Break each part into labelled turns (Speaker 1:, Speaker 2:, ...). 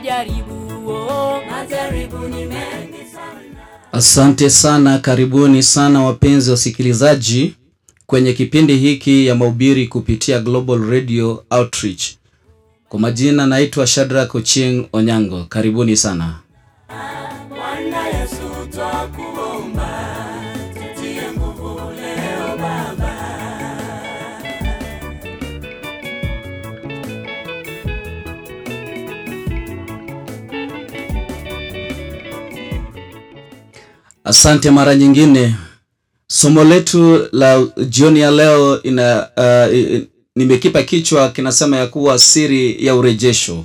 Speaker 1: majaribu, oh, majaribu ni mengi sana. Asante sana, karibuni sana wapenzi wasikilizaji kwenye kipindi hiki ya mahubiri kupitia Global Radio Outreach. Kwa majina naitwa Shadrack Ochieng Onyango. Karibuni sana. Asante mara nyingine. Somo letu la jioni ya leo ina, uh, nimekipa kichwa kinasema ya kuwa siri ya urejesho.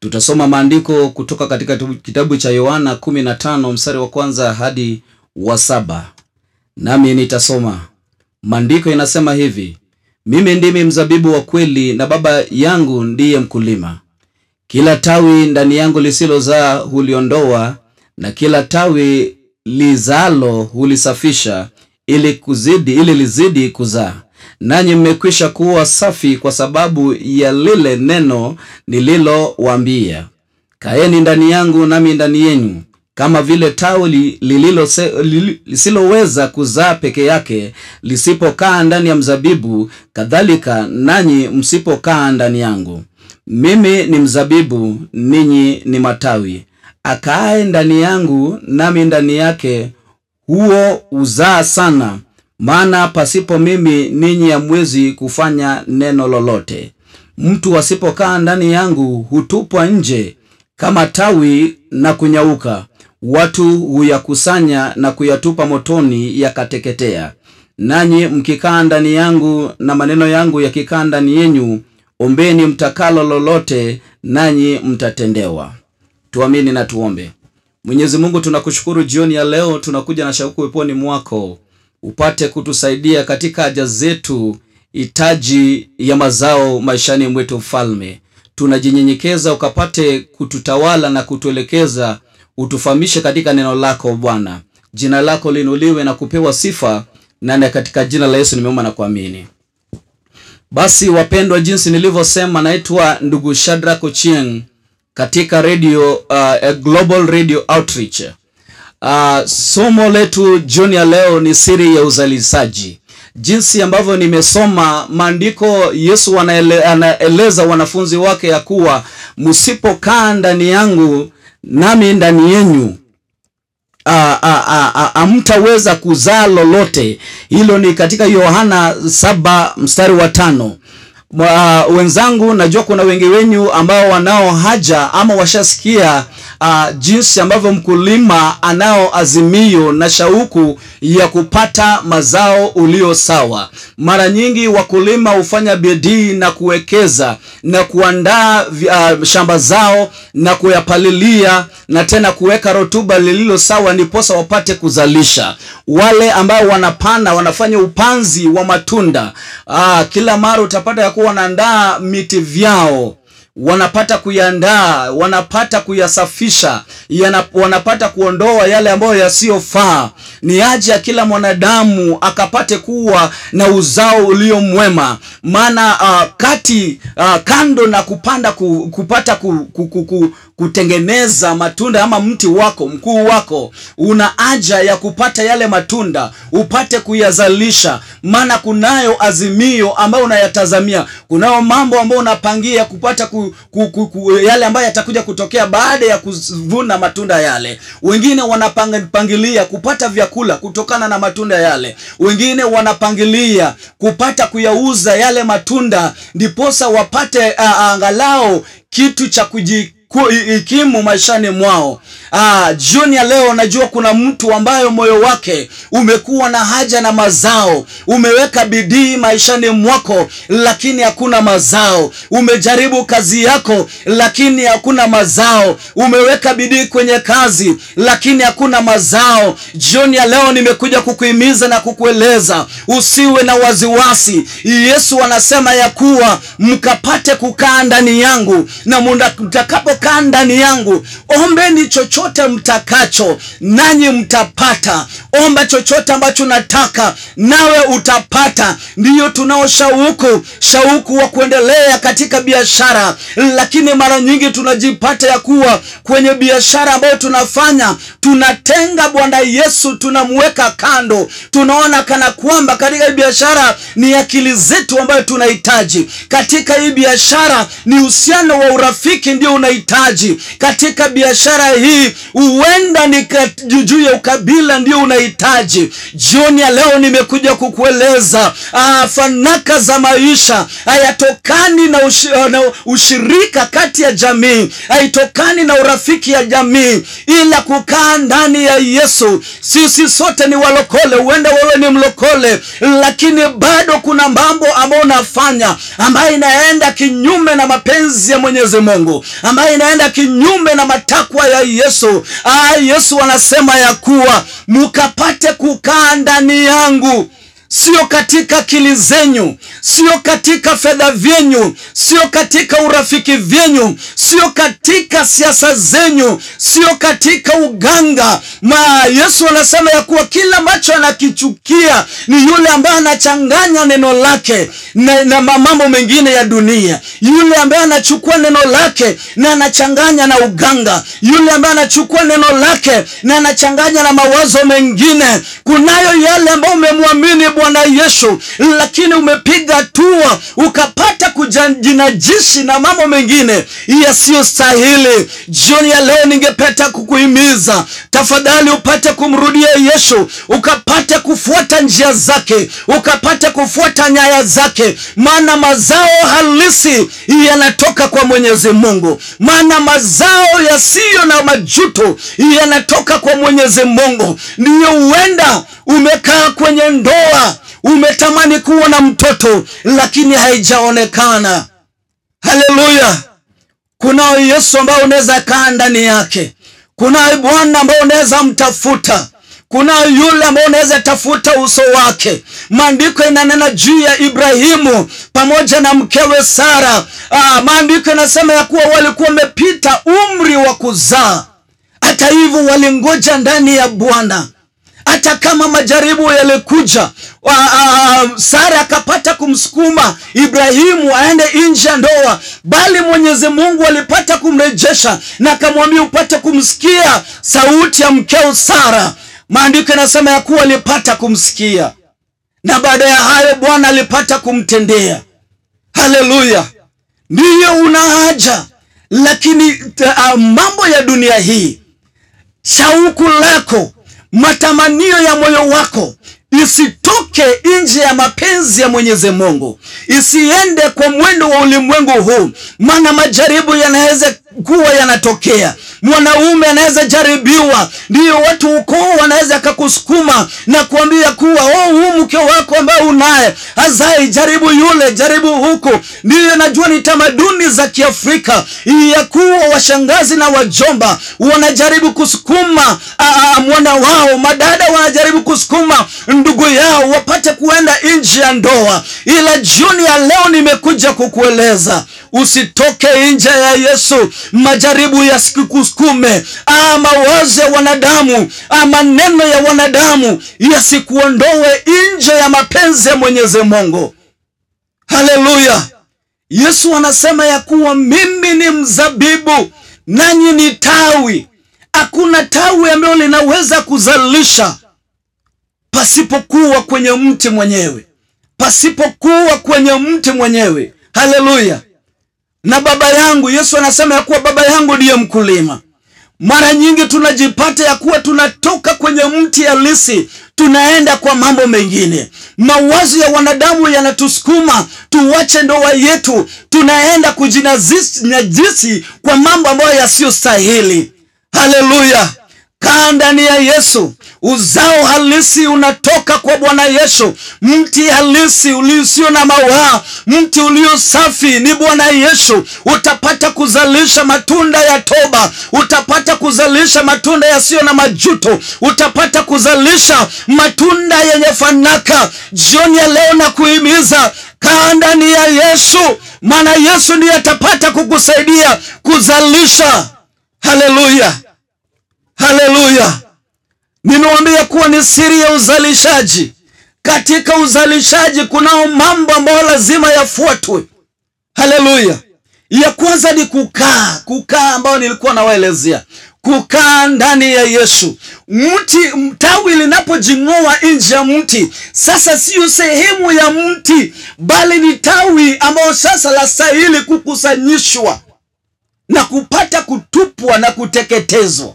Speaker 1: Tutasoma maandiko kutoka katika kitabu cha Yohana 15 mstari wa kwanza hadi wa saba, nami nitasoma maandiko. Inasema hivi: mimi ndimi mzabibu wa kweli, na Baba yangu ndiye mkulima. Kila tawi ndani yangu lisilozaa huliondoa, na kila tawi lizalo hulisafisha ili kuzidi ili lizidi kuzaa. Nanyi mmekwisha kuwa safi kwa sababu ya lile neno nililowaambia. Kaeni ndani yangu nami ndani yenu. Kama vile tawi lisiloweza kuzaa peke yake lisipokaa ndani ya mzabibu, kadhalika nanyi msipokaa ndani yangu. Mimi ni mzabibu, ninyi ni matawi akaaye ndani yangu nami ndani yake, huo uzaa sana. Maana pasipo mimi ninyi hamwezi kufanya neno lolote. Mtu asipokaa ndani yangu hutupwa nje kama tawi na kunyauka, watu huyakusanya na kuyatupa motoni, yakateketea. Nanyi mkikaa ndani yangu na maneno yangu yakikaa ndani yenyu, ombeni mtakalo lolote, nanyi mtatendewa. Tuamini na tuombe. Mwenyezi Mungu, tunakushukuru jioni ya leo, tunakuja na shauku weponi mwako upate kutusaidia katika haja zetu, hitaji ya mazao maishani mwetu. Mfalme, tunajinyenyekeza ukapate kututawala na kutuelekeza, utufahamishe katika neno lako. Bwana, jina lako linuliwe na kupewa sifa na katika jina la Yesu nimeomba na kuamini. Basi wapendwa, jinsi nilivyosema, naitwa ndugu Shadrach Ochieng katika radio uh, Global Radio Outreach. Uh, somo letu jioni ya leo ni siri ya uzalishaji. Jinsi ambavyo nimesoma maandiko, Yesu anaele, anaeleza wanafunzi wake ya kuwa msipokaa ndani yangu nami ndani yenyu hamtaweza kuzaa lolote. Hilo ni katika Yohana saba mstari wa tano. Mwa, uh, wenzangu najua kuna wengi wenyu ambao wanao haja ama washasikia uh, jinsi ambavyo mkulima anao azimio na shauku ya kupata mazao ulio sawa. Mara nyingi wakulima hufanya bidii na kuwekeza na kuandaa uh, shamba zao na kuyapalilia na tena kuweka rotuba lililo sawa, ndiposa wapate kuzalisha. Wale ambao wanapanda wanafanya upanzi wa matunda uh, kila mara utapata ya wanakuwa wanaandaa miti vyao wanapata kuyaandaa, wanapata kuyasafisha, wanapata kuondoa yale ambayo yasiyofaa, ni aje ya kila mwanadamu akapate kuwa na uzao ulio mwema. Maana uh, kati uh, kando na kupanda ku, kupata ku, ku, ku, ku, kutengeneza matunda ama mti wako mkuu wako una haja ya kupata yale matunda upate kuyazalisha, maana kunayo azimio ambayo unayatazamia, kunayo mambo ambayo unapangia kupata ku, ku, ku, ku, yale ambayo yatakuja kutokea baada ya kuvuna matunda yale. Wengine wanapangilia kupata vyakula kutokana na matunda yale, wengine wanapangilia kupata kuyauza yale matunda ndiposa wapate uh, angalau kitu cha kuji ikimu maishani mwao. Ah, jioni ya leo najua kuna mtu ambaye moyo wake umekuwa na haja na mazao. Umeweka bidii maishani mwako lakini hakuna mazao. Umejaribu kazi yako lakini hakuna mazao. Umeweka bidii kwenye kazi lakini hakuna mazao. Jioni ya leo nimekuja kukuhimiza na kukueleza usiwe na waziwasi. Yesu anasema ya kuwa mkapate kukaa ndani yangu na mtakapo kaa ndani yangu. Ombeni chochote mtakacho, nanyi mtapata. Omba chochote ambacho unataka, nawe utapata. Ndiyo tunao shauku, shauku wa kuendelea katika biashara, lakini mara nyingi tunajipata ya kuwa kwenye biashara ambayo tunafanya tunatenga Bwana Yesu, tunamweka kando, tunaona kana kwamba katika hii biashara ni akili zetu ambayo tunahitaji, katika hii biashara ni uhusiano wa urafiki ndio unahitaji unahitaji katika biashara hii. Huenda ni juu ya ukabila ndio unahitaji. Jioni ya leo nimekuja kukueleza ah, fanaka za maisha hayatokani na, ah, na ushirika kati ya jamii, haitokani na urafiki ya jamii, ila kukaa ndani ya Yesu. Sisi sote ni walokole, huenda wewe ni mlokole, lakini bado kuna mambo ambayo unafanya ambayo inaenda kinyume na mapenzi ya Mwenyezi Mungu ambayo inaenda kinyume na matakwa ya Yesu. Ah, Yesu anasema ya kuwa mukapate kukaa ndani yangu sio katika akili zenyu, sio katika fedha vyenyu, sio katika urafiki vyenyu, sio katika siasa zenyu, sio katika uganga. Ma Yesu anasema ya kuwa kila ambacho anakichukia ni yule ambaye anachanganya neno lake na, na mambo mengine ya dunia, yule ambaye anachukua neno lake na anachanganya na uganga, yule ambaye anachukua neno lake na anachanganya na mawazo mengine. Kunayo yale ambayo umemwamini Bwana Yesu, lakini umepiga hatua uka kujinajishi na mambo mengine yasiyostahili. Jioni ya leo, ningepeta kukuhimiza tafadhali, upate kumrudia Yesu, ukapate kufuata njia zake, ukapate kufuata nyaya zake, maana mazao halisi yanatoka kwa Mwenyezi Mungu, maana mazao yasiyo na majuto yanatoka kwa Mwenyezi Mungu. Ndiyo, huenda umekaa kwenye ndoa Umetamani kuwa na mtoto lakini haijaonekana. Haleluya! Kunao Yesu ambaye unaweza kaa ndani yake, kuna Bwana ambaye unaweza mtafuta kuna yule ambaye unaweza tafuta uso wake. Maandiko inanena juu ya Ibrahimu pamoja na mkewe Sara. Ah, maandiko inasema ya kuwa walikuwa wamepita umri wa kuzaa, hata hivyo walingoja ndani ya Bwana hata kama majaribu yalikuja, Sara akapata kumsukuma Ibrahimu aende nje ya ndoa, bali Mwenyezi Mungu alipata kumrejesha na akamwambia upate kumsikia sauti ya mkeo Sara. Maandiko yanasema ya kuwa alipata kumsikia na baada ya hayo Bwana alipata kumtendea. Haleluya! Ndiyo, una haja lakini uh, mambo ya dunia hii, shauku lako matamanio ya moyo wako isitoke nje ya mapenzi ya Mwenyezi Mungu, isiende kwa mwendo wa ulimwengu huu, maana majaribu yanaweza kuwa yanatokea. Mwanaume anaweza jaribiwa, ndio watu ukoo wanaweza akakusukuma na kuambia kuwa oh, huu mke wako ambaye unaye hazai, jaribu yule, jaribu huku. Ndiyo najua ni tamaduni za Kiafrika ya kuwa washangazi na wajomba wanajaribu kusukuma mwana wao, madada wanajaribu kusukuma ndugu yao wapate kuenda nje ya ndoa, ila juni ya leo nimekuja kukueleza usitoke nje ya Yesu. Majaribu yasikusukume, ama mawazo ya wanadamu, ama maneno ya wanadamu yasikuondoe nje ya mapenzi ya Mwenyezi Mungu. Haleluya! Yesu anasema ya kuwa mimi ni mzabibu nanyi ni tawi. Hakuna tawi ambalo linaweza kuzalisha pasipokuwa kwenye mti mwenyewe, pasipokuwa kwenye mti mwenyewe. Haleluya! na baba yangu. Yesu anasema ya kuwa baba yangu ndiye mkulima. Mara nyingi tunajipata ya kuwa tunatoka kwenye mti halisi, tunaenda kwa mambo mengine. Mawazo ya wanadamu yanatusukuma tuwache ndoa yetu, tunaenda kujinajisi kwa mambo ambayo yasiyo stahili. Haleluya! Kaa ndani ya Yesu, uzao halisi unatoka kwa Bwana Yesu, mti halisi usio na mawaa, mti ulio safi ni Bwana Yesu. Utapata kuzalisha matunda ya toba, utapata kuzalisha matunda yasiyo na majuto, utapata kuzalisha matunda yenye fanaka. Jioni ya leo na kuhimiza kaa ndani ya Yesu, maana Yesu ndiye atapata kukusaidia kuzalisha. Haleluya! Haleluya! Nimewambia kuwa ni siri ya uzalishaji. Katika uzalishaji kunao mambo ambayo lazima yafuatwe. Haleluya! Ya kwanza ni kukaa, kukaa ambayo nilikuwa nawaelezea, kukaa ndani ya Yesu. Mti tawi linapojing'oa nje ya mti, sasa siyo sehemu ya mti, bali ni tawi ambayo sasa lastahili kukusanyishwa na kupata kutupwa na kuteketezwa.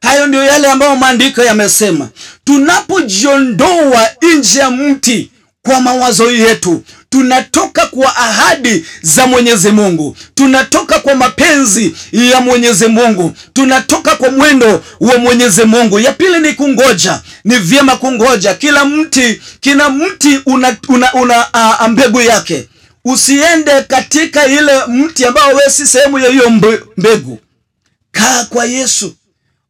Speaker 1: Hayo ndio yale ambayo maandiko yamesema. Tunapojiondoa nje ya mti kwa mawazo yetu, tunatoka kwa ahadi za Mwenyezi Mungu, tunatoka kwa mapenzi ya Mwenyezi Mungu, tunatoka kwa mwendo wa Mwenyezi Mungu. Ya pili ni kungoja. Ni vyema kungoja. Kila mti, kila mti una, una, una a, mbegu yake. Usiende katika ile mti ambao wewe si sehemu ya hiyo mbegu. Kaa kwa Yesu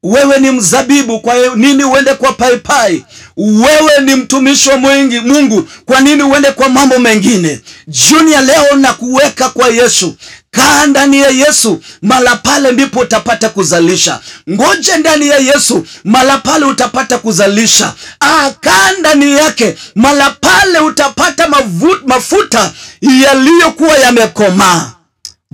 Speaker 1: wewe ni mzabibu, kwa nini uende kwa paipai? Wewe ni mtumishi wa mwingi Mungu, kwa nini uende kwa mambo mengine? Junior, leo na kuweka kwa Yesu. Kaa ndani ya Yesu, mala pale ndipo utapata kuzalisha. Ngoje ndani ya Yesu, mala pale utapata kuzalisha. Ah, kaa ndani yake, mala pale utapata mafuta yaliyokuwa yamekomaa.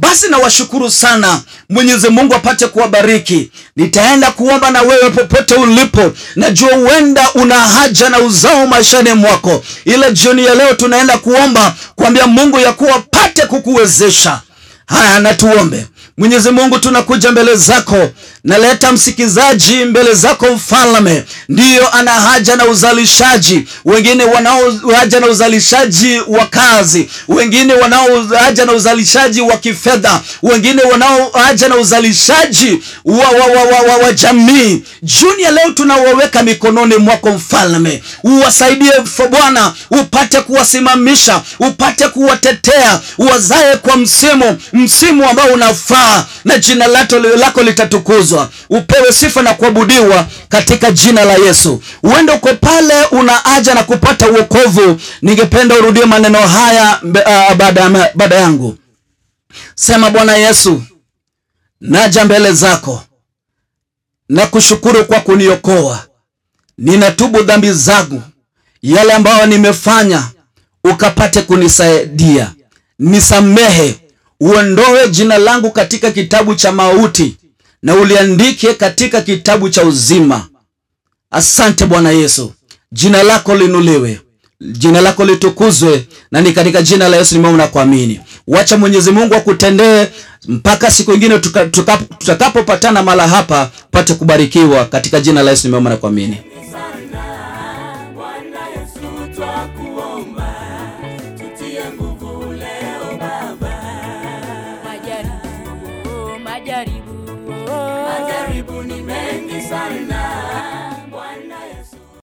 Speaker 1: Basi nawashukuru sana, Mwenyezi Mungu apate kuwabariki. Nitaenda kuomba na wewe popote ulipo, najua huenda una haja na uzao maishani mwako, ila jioni ya leo tunaenda kuomba, kuambia Mungu ya kuwa apate kukuwezesha. Haya, natuombe. Mwenyezi Mungu, tunakuja mbele zako, naleta msikizaji mbele zako Mfalme, ndiyo ana haja na uzalishaji, wengine wanao haja na uzalishaji wa kazi, wengine wanao haja na uzalishaji wa kifedha, wengine wanao haja na uzalishaji wa, wa, wa, wa, wa, wa jamii. Jioni ya leo tunawaweka mikononi mwako Mfalme, uwasaidie Bwana, upate kuwasimamisha, upate kuwatetea, wazae kwa msimu, msimu ambao unafaa kukaa na jina lato, lako litatukuzwa, upewe sifa na kuabudiwa katika jina la Yesu. Uende uko pale una haja na kupata uokovu. Ningependa urudie maneno haya uh, baada yangu. Sema, Bwana Yesu, naja mbele zako na kushukuru kwa kuniokoa. Ninatubu dhambi zangu yale ambayo nimefanya, ukapate kunisaidia, nisamehe uondoe jina langu katika kitabu cha mauti na uliandike katika kitabu cha uzima. Asante Bwana Yesu, jina lako linuliwe, jina lako litukuzwe, na ni katika jina la Yesu nimeona kuamini. Wacha Mwenyezi Mungu akutendee mpaka siku ingine tutakapopatana, tuka, tuka, hapa pate kubarikiwa katika jina la Yesu nimeona kuamini. sorry